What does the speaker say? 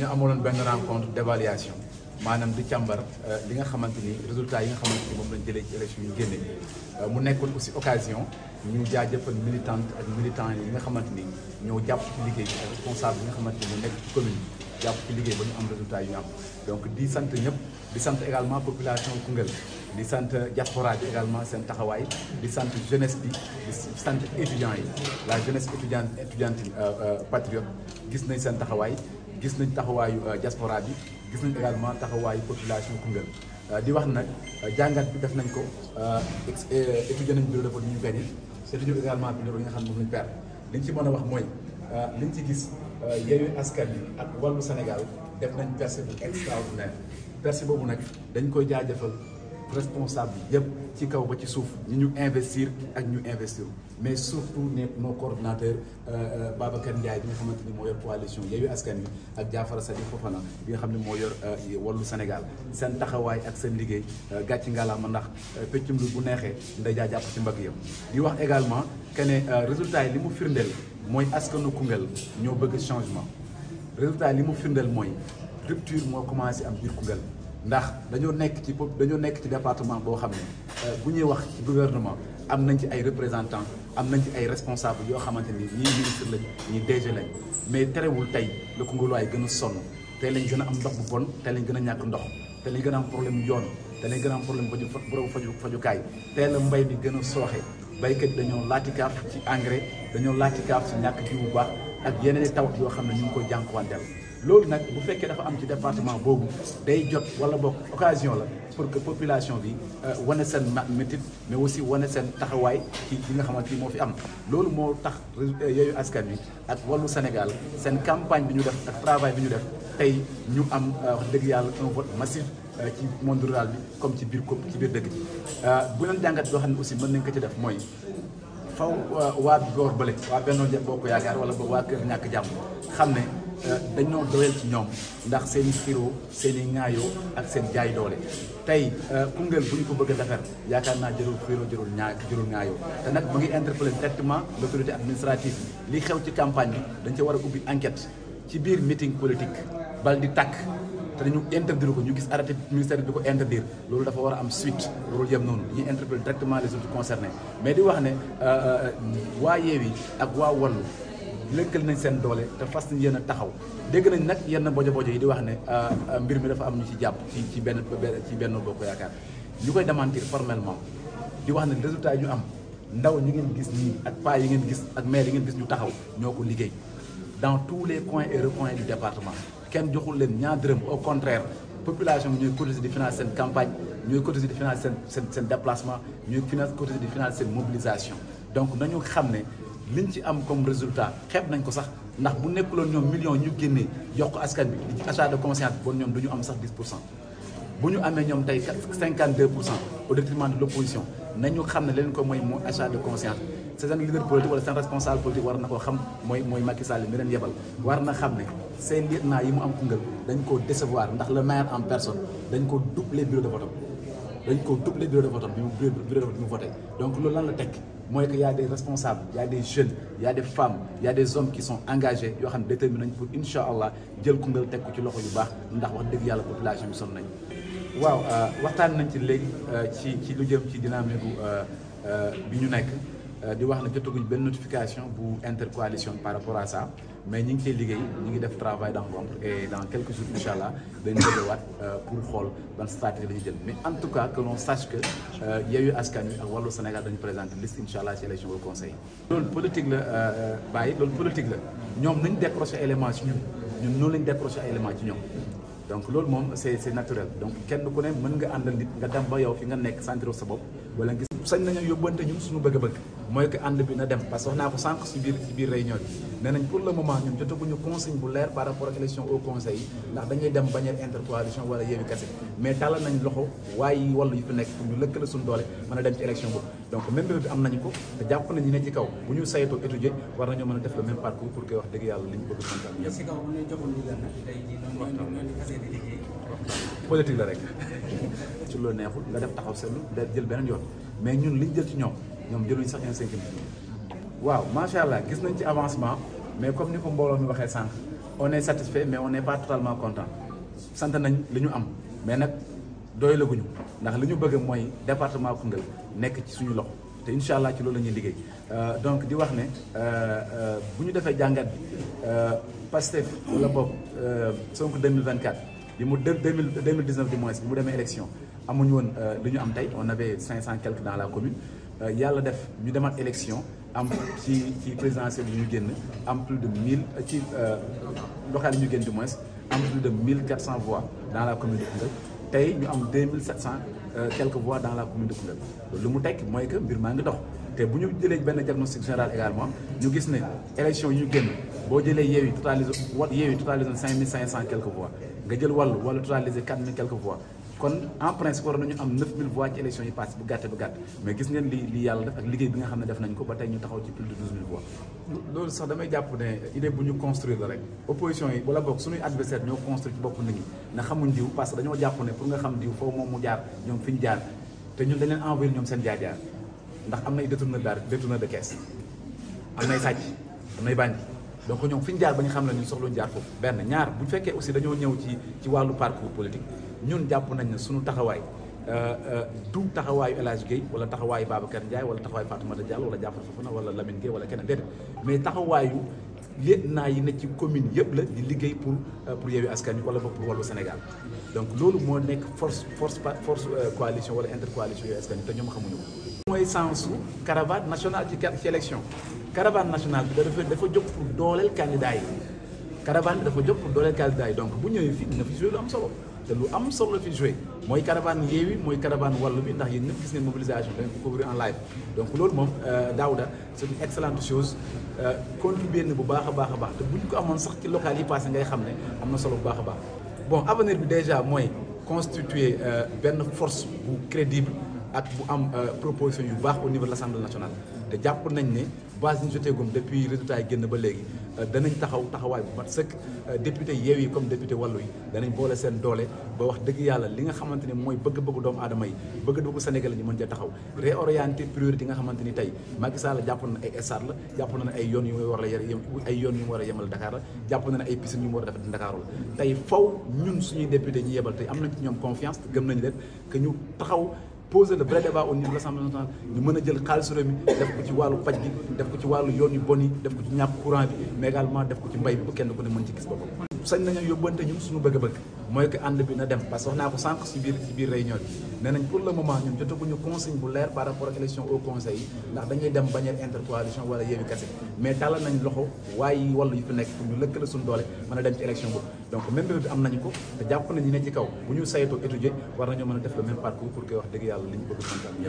ñu amoon amaloon benn rencontre d'évaluation maanaam di càmbar euh, li nga xamante ni résultat yi nga xamante ni moom lañ jëlee ci élection génne euh, mu nekkoon aussi occasion ñu jaajëfal militante ak militant yi nga xamante ni ñoo jàpp ci liggéey bi responsable yi nga xamante ni ñoo nekk ci commune jàpp ci liggéey ba ñu am résultat yu ñu am di sant ñëpp di sant également population Koungheul di sant diaspora également seen taxawaay di sant jeunesse bi di sant étudiants yi la jeunesse étudiante étudiante euh, patriote gis nañ seen taxawaay gis nañ taxawaayu euh, diaspora bi gis nañ également taxawaayu population Koungheul euh, di wax nag euh, jàngat bi def nañ ko étudier nañ bureau de vote ñu gagné étudier également bureau yi nga xam ne moom lañ perdre liñ ci mën a wax mooy li liñ ci gis Yewwi Askan Wi ak Wallu Sénégal def nañ percée bu extraordinaire percée boobu nag dañ koy jaajëfal responsable yëpp ci kaw ba ci suuf ñi ñu investir ak ñu investir mais surtout ne moo coordinateur euh, euh, Babacar Ndiaye bi nga xamante ni moo yor coalition Yewwi Askan Wi ak Diafara Sadi Fofana bi nga xam ne moo yor euh, Wallu Sénégal seen taxawaay ak seen liggéey gàcc ngalaama ndax peccum lu bu neexee nday jaa jàpp ci mbag yam di wax également que ne résultat yi li mu firndeel mooy askanu Koungheul ñoo bëgg changement résultat li mu firndeel mooy rupture moo commencé am biir Koungheul ndax dañoo nekk ci dañoo nekk ci département boo xam ne euh, bu ñuy wax ci gouvernement am nañ ci ay représentants am nañ ci ay responsables yoo xamante ni ñii ministre lañ ñii DG mais terewul tey la Koungheul gën a sonn tey lañ gën a am ndox bu bon tey lañ gën a ñàkk ndox tey lañ gën a am problème yoon tey lañ gën a am problème faju borom faju fajukaay tey la mbay bi gën a sooxe baykat dañoo laajte kaaf ci engrais dañoo laajte kaaf ci ñàkk ci bu baax ak yeneen i yoo xam ne ñu ngi koy jànkuwanteel loolu nag bu fekkee dafa am ci département boobu day jot wala bokk occasion la pour que population bi euh, wane seen métit mais aussi wane seen taxawaay ci li nga xamante ni moo fi am loolu moo tax euh, yooyu askan wi ak wallu Sénégal seen campagne bi ñu def ak travail bi ñu def tey ñu am euh, wax dëgg yàlla un vote massif ci monde rural bi comme ci biir kopp ci biir dëkk bi bu leen jàngat boo xam ne aussi mën nañ ko ci def mooy faw waa góor bële waa Benno Bokk Yaakaar wala boog ñàkk jàmm dañoo doyal ci ñoom ndax seen i xiroo seen i ŋaayoo ak seen jaay doole tey euh, Koungheul bu ñu ko bëgg a yaakaar naa jërul xiroo jërul ñaa jërul ŋaayoo te nag mu ngi interpellé directement l'autorité administrative li xew ci campagne bi dañ ca war a ubbi enquête ci biir meeting politique bal di tàkk te dañu interdire ko ñu gis arrêté ministère bi ko interdire loolu dafa war am suite warul yem noonu dañuy interpellé directement les autorités concernées mais di wax ne euh, euh, waa Yewwi ak waa Wallu lëkkal nañ seen doole te fas nañ yéen taxaw dégg nañ nag yenn bojo bojo yi di wax ne euh, euh, mbir mi dafa am ñu ci jàpp ci ci benn ci benn bokk yaakaar ñu koy démentir formellement di wax ne résultat yi ñu am ndaw ñu ngeen gis nii ak paa yi ngeen gis ak maire yi ngeen gis ñu taxaw ñoo ko liggéey dans tous les coins et recoins du département kenn joxul leen ñaar dërëm au contraire population bi ñooy cotiser di financer seen campagne ñooy cotiser di financer seen seen déplacement ñooy cotiser di financer seen mobilisation donc xam ne liñ ci am comme résultat xeeb nañ ko sax ndax bu nekk loolu ñoom millions ñu génnee jox ko askan bi achat de conscience bi bon ñoom du ñu am sax pour cent bu ñu amee ñoom tey 52 pour cent au détriment de l' nañu xam ne leen ko mooy moo achat de conscience seen leader politique wala seen responsable politique war na ko xam mooy mooy Macky Sall leen yebal war na xam ne seen lieutenant yi mu am Koungheul dañ koo décevoir ndax le maire en personne dañ dañ ko doubler bureau de vote bi mu bureau de vote bi mu voté donc loolu lan la tekki mooy que y a des responsables y a des jeunes a des femmes y a des hommes qui sont engagés yoo xam ne déterminés nañ pour incha allah jël Koungheul teg ko ci loxo yu baax ndax wax dëgg yàlla population bi sonn nañ waaw euh, waxtaan nañ ci léegi euh, ci ci lu jëm ci dynamique euh, bi ñu nekk. Euh, di wax ne jotaguñ benn notification bu intercoalition par rapport à ça mais ñi ngi cee liggéey ñi ngi def travail d'ensemble et dans quelques jours incha allah dañ jëlewaat euh, pour xool ban stratégie la jël mais en tout cas que l'on sache que euh, Yewwi Askan Wi ak Wallu Sénégal dañu présenter liste incha ci la bàyyi loolu politique la ñoom nañ décroché élément ci ñun ñun noonu lañ décroché élément ci ñoom donc loolu moom c'est naturel donc kenn ku ne mën nga àndal nit nga dem ba yow fi nga nekk sentir sa sañ nañoo yóbbante ñun suñu bëgg-bëgg mooy que ànd bi na dem parce que wax naa ko sànq si biir si biir réunion bi nee nañ pour le moment ñun jotaguñu consigne bu leer par rapport ak élection au conseil yi ndax dañuy dem bannière intercoalition wala yéewi kese mais tàllal nañ loxo waaye wala yu fi nekk pour ñu lëkkale suñu doole mën a dem ci élection boobu donc même bi am nañu ko te jàpp nañ ñi ne ci kaw bu ñu saytoo étudier war nañoo mën a def le même parcours pour que wax dëgg yàlla li ñu bëgg santaan politique la rek ci def taxaw seetlu jël beneen yoon mais ñun liñ jël ci ñoom ñoom jëluñ sax un cinquième waaw macha allah gis nañ ci avancement mais comme ni ko mbooloo mi waxee sànq on est satisfait mais on n'est pas totalement content sant nañ li ñu am mais nag doylaguñu ndax li ñu bëgg mooy département Koungheul nekk ci suñu loxo te incha allah ci loolu la ñuy liggéey euh, donc di wax ne euh, euh, bu ñu defee jàngat bi Pastef wala boog Sonko 2024 bi mu deux mille deux mille dix neuf du moins bi mu demee élection. amuñu woon euh, li ñu am tey on avait cinq cent quelques dans la commune euh, yàlla def ñu demaat élection am ci ci présidentielle yi ñu génn am plus de mille euh, ci locales yi ñu génn du moins am plus de mille quatre cent voix dans la commune de Koungheul tey ñu am quelques voix dans la commune de Koungheul lu mu tekki mooy que mbir maa ngi dox te bu ñu jëlee benn diagnostic général également ñu gis ne élection yi ñu génn boo jëlee Yewwi totalisé wa Yewwi totalisé cinq mille cinq kon en principe war nañu am 9000 voix ci élection yi passé bu gàtte bu gàtt mais gis ngeen li li yàlla def ak liggéey bi nga xam ne def nañ ko ba tey ñu taxaw ci plus de 12000 voix loolu sax damay jàpp ne idée bu ñu construire la rek opposition yi wala boog suñuy adversaire ñoo construire ci bopp nit ñi na xamuñ diw parce que dañoo jàpp ne pour nga xam diw foofu moom mu jaar ñoom fi ñu jaar te ñun dañ leen ñoom seen jaar-jaar ndax am nay détourneur am nay sàcc am nay donc ñoom fi ñu jaar ba ñu xam na ñun soxluñu jaar foofu benn ñaar bu fekkee aussi dañoo ñëw ci ci wàllu parcours politique ñun jàpp nañ ne suñu taxawaay euh, euh, du taxawaayu El Hadj Guèye wala taxawaayu Babacar Ndiaye wala taxawaayu Fatoumata Diallo wala Diafar Fofana wala Lamine Guèye wala keneen déedéet mais taxawaayu lieutenant yi ne ci commune yëpp la di liggéey pour euh, pour Yewwi Askan Wi wala bopp pour Sénégal donc loolu moo nekk force force force coalition wala intercoalition Yewwi Askan te ñoom xamuñu ko. mooy sensu caravane ci ci élection. caravane nationale bi dafa dafa jóg pour dooleel candidat yi caravane bi dafa jóg pour dooleel candidat yi donc bu ñëwee fii dina fi joué lu am solo te lu am solo fi joué mooy caravane Yewwi mooy caravane Wallu bi ndax yéen ñëpp gis ngeen mobilisation dañ ko couvrir en live donc loolu moom euh, Daouda c'est une excellente chose euh, contribuer na bu baax a baax a baax te bu ñu ko amoon sax ci local yi passé ngay xam ne am na solo bu baax a baax bon avenir bi déjà mooy constituer euh, benn force bu crédible ak bu am proposition yu baax au niveau de l'Assemblée te jàpp nañ ne base su ñu jotee gum depuis résultat yi génn ba léegi euh, danañ taxaw taxawaay bu mat sëkk euh, député yeew yi comme député wàllu yi danañ boole seen doole ba wax dëgg yàlla li nga xamante ni mooy bëgg-bëggu doomu aadama yi bëgg-bëggu Sénégal ñu mën cee taxaw réorienter priorité nga xamante ni tey Macky Sall jàpp na ay stade la jàpp na ne ay yoon yu mu war a yoon yu war a yemal Dakar la jàpp na ne ay piscine yu mu war a def Dakar la tey faw ñun suñuy député ñu yebal tey am nañ ci ñoom confiance gëm nañ leen ñu taxaw poser le vrai débat au niveau ñu mën a jël xaalis réew mi def ko ci wàllu paj bi def ko ci wàllu yoon yu bon yi def ko ci ñàkk courant bi mais def ko ci mbay bi bu kenn ku ne mën ci gis boppam sañ nañoo yóbbante ñun suñu bëgg-bëgg mooy que ànd bi na dem parce wax naa ko sànq si biir si biir réunion pour le moment ñun jotaguñu consigne bu leer par rapport ak élection au conseil yi ndax dañuy dem bannière intercoalition wala yéewi kese mais tàllal nañ loxo waaye wala yu fi nekk pour ñu lëkkale suñu doole mën a dem ci élection boobu donc même bi am nañu ko te jàpp nañ ñi ne ci kaw bu ñu saytoo étudier war nañoo mën a def le même pour